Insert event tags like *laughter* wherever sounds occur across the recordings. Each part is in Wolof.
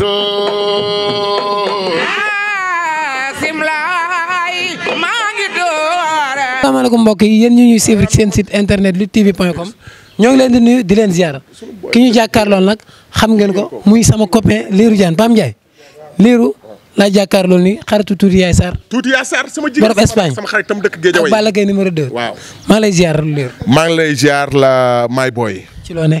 asalaamaaleykum mbokk yi yéen ñu ñuy suivre seen site internet luttetv.com ñoo ngi leen di nuyu di leen ziar ki ñu jàkkaarlool nag xam ngeen ko muy sama copain Lirou Diane Pam Ndiaye Lirou laa jàkkaarlool ni xaritu Tuuti Yaay Sarr. Tuuti Yaay Sarr sama Espagne sama xarit tam dëkk Guédiawaye Balla Gaye numéro waaw maa lay ziar maa ngi lay ziar la my boy. ci loo ne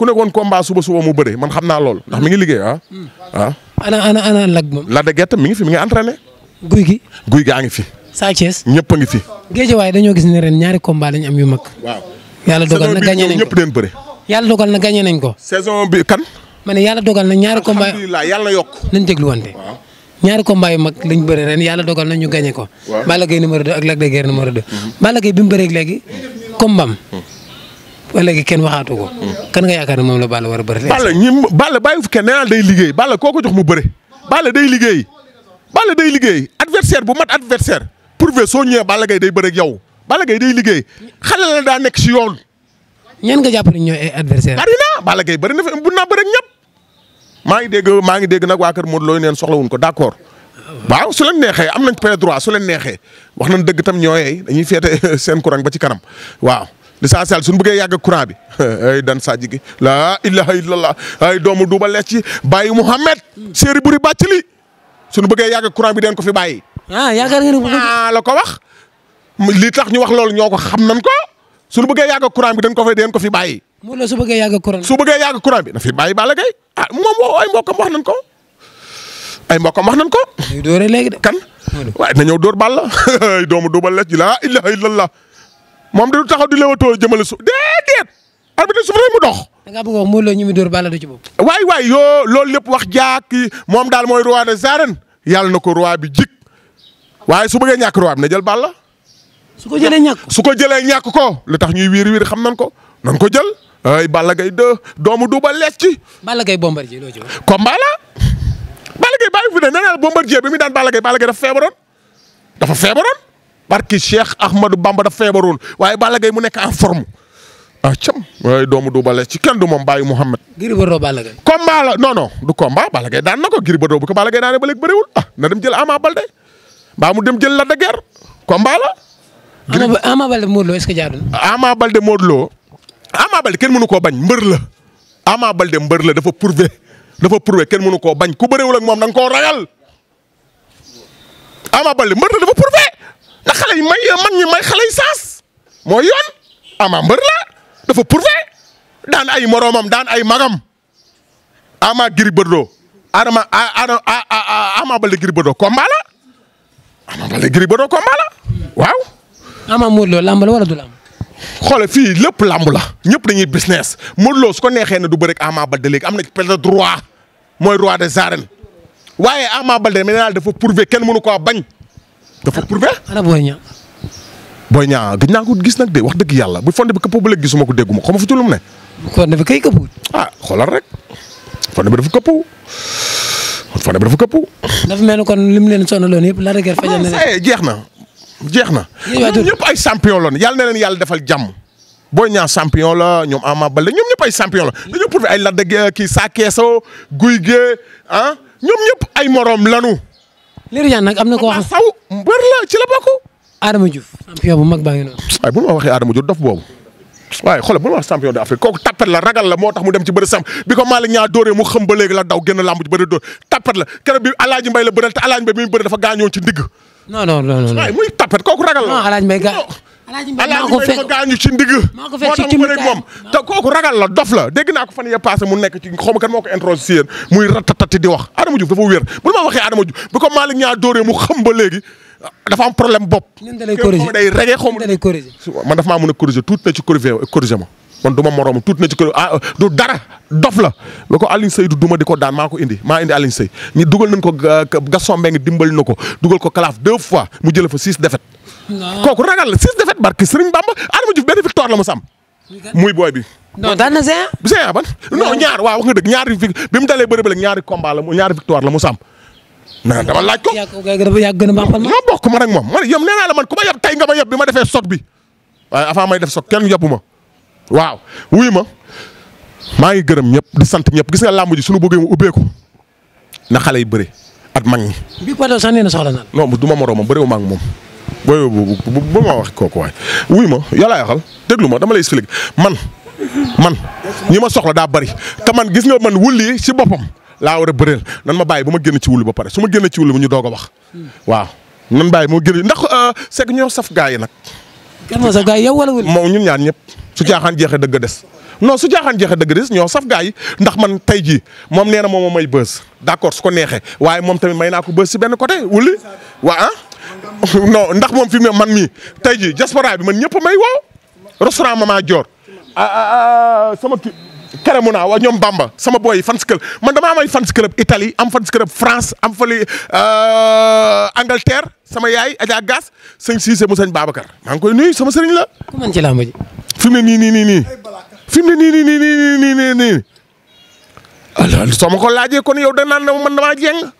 ku ne woon combat suba suba mu bëre man xam naa loolu ndax mi ngi liggéey ah. Hmm. ah ana ana ana lag moom. la de gerte mi ngi fi mi ngi entraîné. guy guy gaa ngi fi. Sa Thiès ñëpp a ngi fi. géejewaay dañoo gis ne ren ñaari combat lañ am yu mag. waaw yàlla dogal na gagné nañ ko ñëpp leen bëre. yàlla dogal na gagné nañ ko. saison bi kan. ma ne yàlla na ñaari combat alhamdulilah yàlla yokk. nañ déglu wante. ñaari combat yu mag lañ bëre ren yàlla dogal na ñu gagné ko. waaw Balla Gaye numéro 2 ak Lac de Guiers numéro 2. Balla Gaye bi mu bëree ba léegi kenn waxaatu ko. kan nga yaakaar ne moom la Balla war bëri. Balla ñi Balla bàyyi fu liggéey Balla koo ko jox mu bëri Balla day liggéey Balla day liggéey adversaire bu mat adversaire prouvé soo ñëwee Balla day bëri yow Balla day liggéey xale la daa nekk si yoon. ñan nga jàpp ne ñooy ay adversaire bari na Balla bëri na bu naa bëri ak ñëpp maa ngi dégg maa ngi dégg nag waa kër Modou Lo neen soxlawuñ ko d'accord waaw su leen neexee am nañ plein droit su leen neexee wax nañ dëgg tam ñooyee dañuy féete *laughs* seen courant ba ci kanam waaw di saa sal suñu bëggee yàgg courant bi *laughs* ay dan sadji gi la ilaha illallah ay doomu duuba lees ci bàyyi Mouhamed séeri buri bàcc li suñu bëggee yàgg courant bi den ko fi bàyyi ah yaakaar ngeen ah la ko wax li tax ñu wax lool ñoo ko xam nan ko suñu bëggee yàgg courant bi dañ ko fi den ko fi bàyyi mu la su bëggee yàgg courant su bëggee yàgg courant bi na fi bàyyi Balla Gaye ah moom woo ay mbokkam wax nan ko ay mbokkam wax nan ko. dañuy dóore léegi de. kan waaye nañoo dóor Balla *laughs* doomu duuba lees ji laa ilaha illallah moom du taxaw di lewatoo jëmale su déedéet arbitre suuf rek mu dox. da ngaa bëgg a wax Modou Lo ñu mu dóor Balla du ci bopp. waay waay yoo lool lépp wax jaak moom daal mooy roi des arènes yàlla na ko roi bi jik waaye su bëggee ñàkk roi na jël Balla. su ko jëlee su ko jëlee ñàkk ko lu tax ñuy wiir wiir xam nan ko nan ko jël ay Balla Gaye 2 doomu duuba lees ci. Balla Gaye Bombardier loo ci wax. combat la Balla Gaye bàyyi fi ne nee naa Bombardier bi mu daan Balla Gaye Balla Gaye dafa feebaroon dafa feebaroon. barki Cheikh Ahmadou Bamba da feebaroon waaye Balla mu nekk en forme ah doomu du bale ci kenn du moom bàyyi Mouhamed. Gris Bordeaux Balla du combat Balla daan na ko Gris ba léegi bëriwul ah na dem jël mu dem jël Lac de Guiers combat la. Ama Ama Baldé Modou Lo est-ce que jaadu na. kenn mënu koo bañ mbër la Ama Baldé la dafa prouvé dafa prouvé kenn mënu koo bañ ku bëriwul ak moom da nga koo ragal Ama Baldé dafa prouvé. na xale yi may man ñi may xale yi saas mooy yoon ama mbër la dafa prouvé daan ay moroomam daan ay magam ama Gris Bordeaux adama ama Baldé Gris Bordeaux combat la ama Baldé Gris Bordeaux combat la waaw ama Modou Lo lamb la wala du lamb xoole fii lépp lamb la ñëpp dañuy business Modou Lo su ko neexee ne du bëre ak Ama Baldé léegi am na peut-être roi mooy roi des arènes waaye Ama Baldé mais daal dafa prouvé kenn mënu ko bañ dafa prouvé. ana Boy Niang. Boy Niang gis naa ko gis nag de wax dëgg yàlla bu fonde bi këppoo ba léegi gisuma ko dégguma xaw ma fu ci lu fonde bi kay këppu. ah xoolal rek fonde bi dafa këppu. fonde bi dafa këppu. dafa mel ni kon lim leen sonaloon yëpp la rëgër fajal na leen eh, jeex na jeex na. ñëpp ay champion loon yàlla na leen yàlla defal jàmm. Boy Niang champion la ñoom Ama Baldé ñoom ñëpp ay champion la dañoo prouvé ay Lac de Guiers kii Sa Kesso Gouye Gui ah ñoom ñëpp ay morom lanu. Lirou nag am na koo xam saw mbër la ci la bokk. Adama Diouf champion bu mag baa ngi noonu. waaye bu ma waxee Adama Diouf dof boobu waaye xoolal bu ma wax champion d'Afrique kooku tapet la ragal la moo tax mu dem ci bëri sam bi ko Malick ñaa dóoree mu xëm ba léegi la daw génn làmb ci bëri dóor tapet la keroog bi El Hadj la bëreel te El Hadj Mbaye bi mu bëri dafa gaañoo ci ndigg. non kooku ragal la. non El Hadj alaaji mbay maa ko fekk ma gaañu ci ndig. moo tax naa ko fan yee passé mu nekk ci xaw ma kan moo ko muy ratatati di wax Adama Diouf dafa wér bu ma waxee Adama Diouf bu ko Malick ñaa dóoree mu xam ba léegi dafa am problème bopp. ma dafa maa mën a corriger tuuti na ci corriger corriger ma du ma moroom tuuti na ci kër ah du dara dof la ba ko Alioune Seye du duma di ko daan maa ko indi maa indi Alioune Seye dugal nañ ko Gaston Mbengue dimbali na ko dugal ko kalaaf deux fois mu jëlee fa six défaites kooku ragal la six défaites barke Serigne Bamba Adama Diouf benn victoire la mu sam muy booy bi. non daan na ban non ñaar waaw wax nga dëgg ñaari bi mu dalee bëri ba léegi ñaari combat la ñaari victoire la mu sam naan dama laaj ko. yàgg na ma ma bokk moom man yem nee la man ku ma yab tey nga ma yab bi ma defee sot bi waaye avant may def sot kenn yabu ma waaw wuy ma maa ngi gërëm ñëpp di sant ñëpp gis nga làmb ji suñu bëggee mu ubbeeku na xale yi bëri at mag ñi. bii Pato sax nee na soxla na. non du ma moroomam bëriwuma ak moom booy bu ma wax kooku waay ma yàlla yaxal déglu ma dama lay expliquer man man ñi ma soxla daa bari te man gis ne man wulli si boppam laa war a bëreel nan ma bàyyi ba ma génn ci wulli ba pare su ma génn ci wulli bu ñu doog a wax waaw nan bàyyi moo génn ndax euh, segg ñoo saf gaa yi nag. kan ma sa gaa yi yow wala wulli moom ñun ñaar ñëpp su caaxaan jeexee dëgg des. noo su jaaxaan jeexe dëgg des ñoo saf gaa yi ndax man tey jii moom nee na moom may bës d'accord su ko neexee waaye moom tamit may naa ko bës si benn côté wulli waa ah? *laughs* non ndax moom fi mu man mii tey jii diaspora bi man ñëpp may woo restaurant Mama Dior ah, ah, ah, sama kere mu naa wa ñoom Bamba sama booy yi fans man damaa am ay fans club Italie am fans club France am fële euh, Angleterre sama yaay Adja Gass sëñ Cissé mu sëñ Babacar maa ngi koy nuyu sama sëriñ la. ku mën nii nii nii nii fi mu ne nii nii nii nii ma ko laajee yow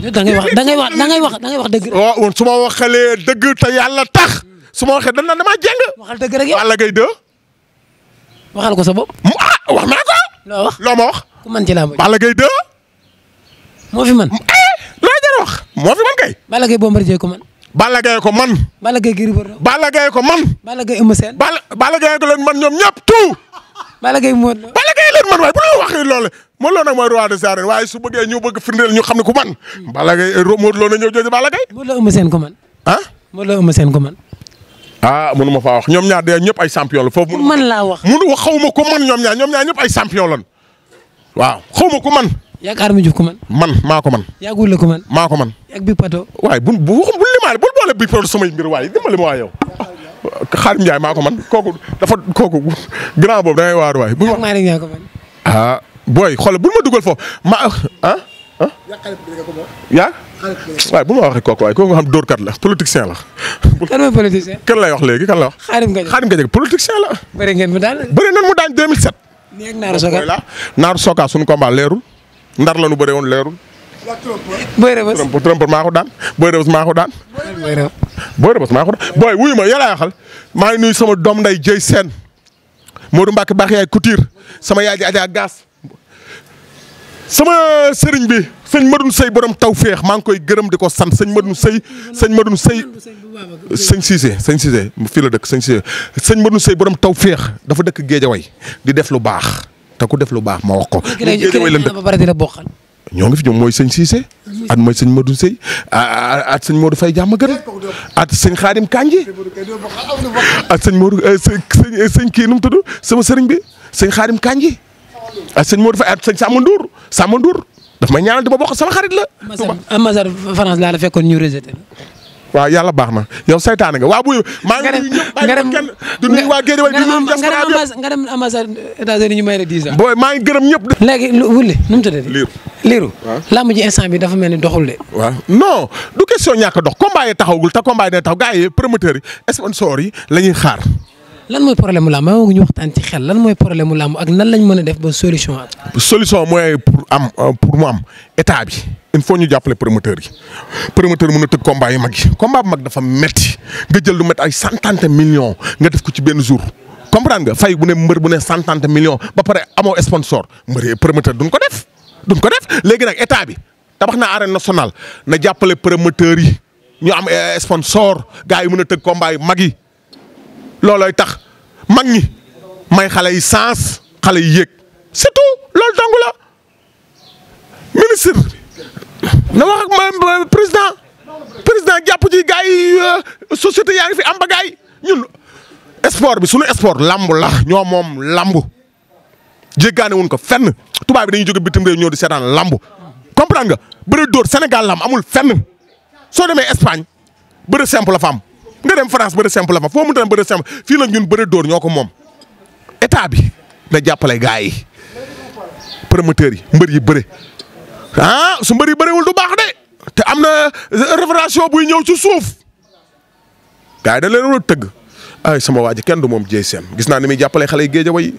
da ngay wax da ngay wax da ngay wax da ngay wax dëgg. waaw su ma waxalee dëgg te yàlla tax su ma waxee dana damaa jàng. waxal dëgg rek yow Balla Gaye 2. waxal ko sa bopp. mu ah wax naa ko. loo wax loo ma wax. ku mën ci laa bëgg. Balla Gaye 2. moo fi mën. Eh, loo jar wax. moo fi mën kay. Balla Gaye Bombardier ko mën. Balla Gaye ko man. Balla Gaye Gris Bordeaux. Balla Gaye ko man. Balla Gaye Eumeu Sène. Balla Balla Gaye ko leen man ñoom ñëpp tout. Balla Gaye Modou Lo. bàyyi man waaye bu la waxee loolu Modou Lo nag mooy roi des arènes waaye su bëggee ñu bëgg firndeel ñu xam ne ku man Balla Gaye Modou na ñëw jooju Balla Gaye Modou Lo Eumeu Sène man ah Modou Lo Eumeu Sène ko man ah mënu ma faa wax ñoom ñaar de ñëpp ay champion la foofu mën laa wax mënu wax xaw ma ko man ñoom ñaar ñoom ñaar ñëpp ay champion lan waaw xaw ma ko man yaag Armé Diouf man man maa ko man yaag Wula ko man maa ko man yaag Big Pato waaye bu bu waxum bu limaale bul boole Big Pato samay mbir waaye dimbali ma waay yow ko man kooku dafa kooku grand boobu da ngay waar waay bu ma maa ah booy xool bu dugal foofu ma ah. ah yaa waaye bu ma wax rek kooku waaye kooku xam dóorkat la politicien la. *laughs* kan lay wax léegi kan la wax. xaarim nga xaarim nga politicien la. bëri ngeen mu daan bëri nan mu daan 2007. nii ak Naaru Soka la Naaru Soka suñu leerul ndar la nu bëree woon leerul. booy rëbës trompe maa ko daan booy rëbës maa daan. booy rëbës maa daan booy wuyu ma yàlla yaxal maa ngi nuyu sama doom nday jëy seen. Modou Mbacke baax yaay Couture sama yaay ji Adja Gaas sama sëriñ bi sëñ Madoun Sey borom taw féex maa ngi koy gërëm di ko sant sëñ Madoun Sey sëñ Madoun Sey sëñ Cissé sëñ Cissé fii la dëkk sëñ Cissé sëñ Madoun Sey borom taw féex dafa dëkk Géejawaay di def lu baax te ku def lu baax ma wax ko. Géejawaay la dëkk ñoo ngi fi ñoom mooy sëñ Cissé at mooy sëñ Modou Sey at sëñ Modou Fay jàmm gën at sëñ Xaadim Kanji at sëñ Modou eh, eh, sëñ kii nu mu tudd sama sëriñ bi sëñ Xaadim Kanji at sëñ Modou Fay at sëñ Samba Ndour Samba Ndour daf may ñaanal di ma bokk sama xarit la. a Masar France laa la fekkoon ñu rejeté. waaw yàlla baax na yow saytaane nga waa buy. maa ngi nuyu ñëpp bàyyi ko kenn du nuyu waa géej waaye du nuyu diaspora bi nga dem ambassade États-Unis ñu may la 10 ans. booy maa ngi gërëm ñëpp. léegi lu wuli nu mu tuddati. liiru liiru. waaw ji instant bi dafa mel ni doxul de. waaw non du question ñàkk dox ko yi taxawagul te combat yi day taxaw gars yi promoteurs yi sponsors yi la ñuy xaar. lan mooy problème mu làmb maa ngi ñu waxtaan ci xel lan mooy problème mu làmb ak nan lañ mën a def ba solution am. solution mooy pour am euh, pour mu am état bi il faut ñu jàppale promoteur yi promoteur mën a tëgg combat yu mag yi combat bu mag dafa metti nga jël lu métti ay centaine millions nga def ko ci benn jour. comprendre nga fay bu ne mbër bu ne centaine millions ba pare amoo sponsor mbër promoteur duñ ko def duñ ko def léegi nag état bi tabax na arène national na jàppale promoteurs yi ñu am euh, sponsor gars yi mën a tëgg combat yu mag yi. loolooy tax mag ñi may xale yi sens xale yi yéeg c'est tout loolu la ministre na wax ak président jàpp ci gars yi euh, société yaa ngi fi am ba ñun sport bi sunu sport lamb la ñoo moom lamb jéggaane wuñ ko fenn tubaab bi dañuy jóge bitim réew ñoo di seetaan lamb comprendre nga bëre dóor Sénégal lam amul fenn soo demee Espagne bëre simple la nga dem France bëri simple la fa foo mu dem bëri simple fii nag ñun bëri dóor ñoo ko moom état bi na jàppale gars yi promoteurs yi mbër yi bëri ah su mbër yi bëriwul du baax de te am na euh, révélation buy ñëw ci suuf gars yi da leen war a tëgg ay sama waa ji kenn du moom jeey seen gis naa ni muy jàppale xale yi géejaway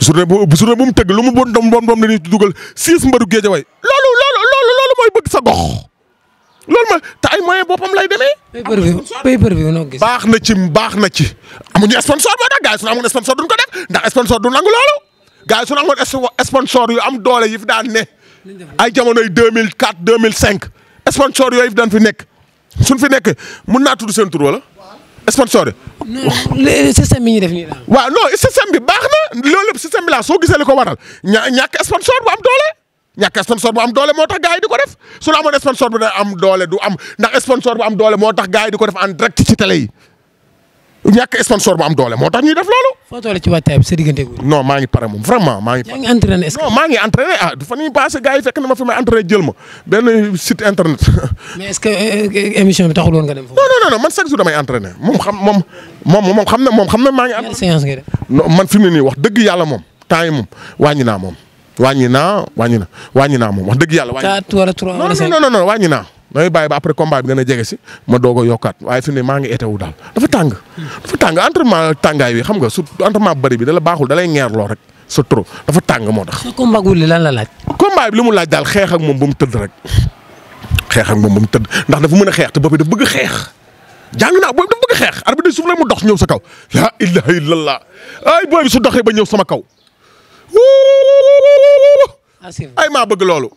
journée bu journée bu mu tëgg lu mu bon doom doom doom dañuy dugal six mbëru géejaway loolu loolu loolu loolu mooy bëgg sa gox. loolu ma te ay moyen boppam lay demee. pay per baax na ci baax na ci amuñu sponsor moo tax gars yi su ñu amoon sponsor duñ ko def ndax sponsor du nangu loolu gars yi su ñu amoon sponsor yu am doole yi fi daan ne ay jamonoy 2004 2005 sponsor yooyu dañ fi nekk suñ fi nekk mun naa tudd seen tur wala. sponsor yi. système bi ñu def nii daal. waaw non système bi baax na loolu lépp système bi laa soo gisee li ko waral ña ñàkk sponsor bu am doole. ñàkk sponsor bu am doole moo tax gars yi di ko def su la amoon sponsor bu da am doole du am ndax sponsor bu am doole moo tax gars yi di ko def en direct ci télé yi ñàkk sponsor bu am doole moo tax ñuy def loolu. foo toll ci waajtaay bi sa diggante gu. non maa ngi pare moom vraiment maa ngi. yaa ngi entraîné est-ce que non maa ngi entraîné ah fan yii passé gars yi fekk na ma fi may entraîné jël ma benn site internet. *laughs* mais est-ce que euh, euh, émission bi taxul woon nga dem foofu. non non non man chaque jour damay entraîné moom xam moom moom moom xam na moom xam na maa ngi. entraîné séance nga def. non man fi mu ne nii wax dëgg yàlla moom temps yi moom wàññi naa moom wàññi naa wàññi na wàññi naa moom wax dëgg yàlla. wàññi wala trois wala cinq non wàññi naa. da ngay bàyyi ba après combat bi gën a jege si ma doog a yokkaat waaye fi ne maa ngi etewu daal dafa tàng. dafa tàng entraînement tàngaay bi xam nga su entraînement bëri bi dala baaxul dalay ngeerloo rek c'est trop dafa tàng moo tax. sa combat wulli lan la laaj. combat bi li mu laaj daal xeex ak moom ba mu tëdd rek xeex moom ba mu tëdd ndax dafa mën a xeex te bopp bi dafa bëgg xeex jàng naa boobu dafa bëgg xeex arbitre bi suuf la mu dox ñëw sa kaw laa ilaha illallah ay booy bi doxee ba ñëw sama kaw ay maa bëgg loolu